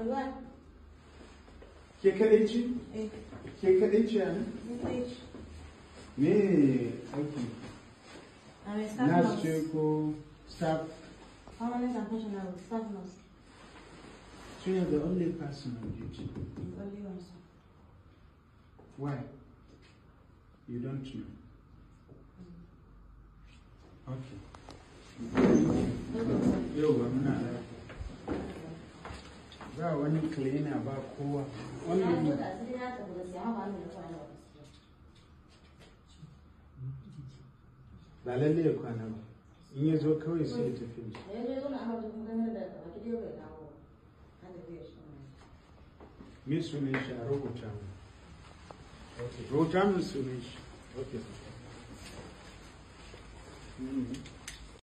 Manuel. KKH? Eh. KKH yani? KKH. Ne? Okay. Ama staff Nas nurse. Çeko, staff. How many samples now? Staff nurse. So you're the only person on duty? The only one, sir. Why? You don't know. Hmm. Okay. You're welcome. ba wani kilina ba kowa wannan ba lalle ya kwana ba in ya zo kawai sai ya tafi ne me sunan shi a rubuta mu rubuta mun sunan shi hmm.